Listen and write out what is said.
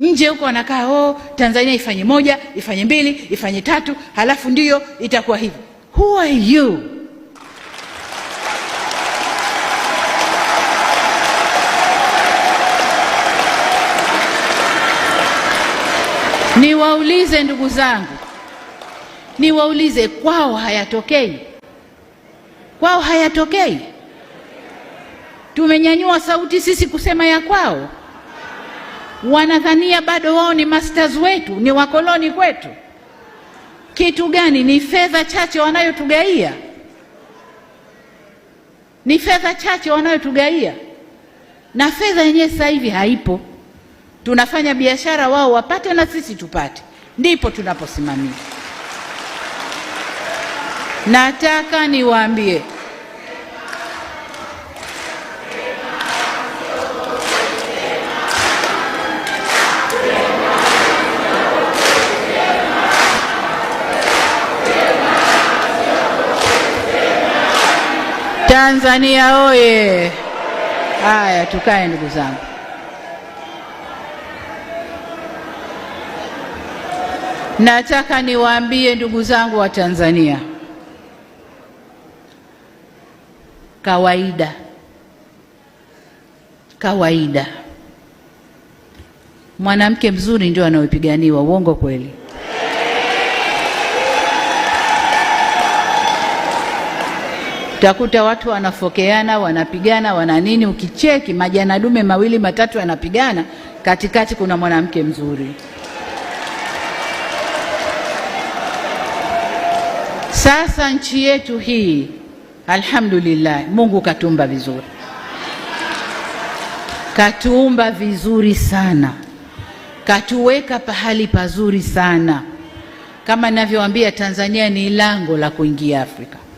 Nje huko wanakaa oh, Tanzania ifanye moja, ifanye mbili, ifanye tatu, halafu ndiyo itakuwa hivi. Who are you? Niwaulize ndugu zangu, niwaulize, kwao hayatokei? Kwao hayatokei? Tumenyanyua sauti sisi kusema ya kwao wanadhania bado wao ni masters wetu, ni wakoloni kwetu. Kitu gani? Ni fedha chache wanayotugaia, ni fedha chache wanayotugaia, na fedha yenyewe sasa hivi haipo. Tunafanya biashara, wao wapate na sisi tupate, ndipo tunaposimamia. Nataka niwaambie Tanzania oye! Haya, tukae ndugu zangu. Nataka niwaambie ndugu zangu wa Tanzania, kawaida kawaida, mwanamke mzuri ndio anayepiganiwa. Uongo kweli? Utakuta watu wanafokeana, wanapigana, wana nini. Ukicheki majana dume mawili matatu yanapigana, katikati kuna mwanamke mzuri. Sasa nchi yetu hii alhamdulillah, Mungu katuumba vizuri, katuumba vizuri sana, katuweka pahali pazuri sana. Kama ninavyowaambia, Tanzania ni lango la kuingia Afrika.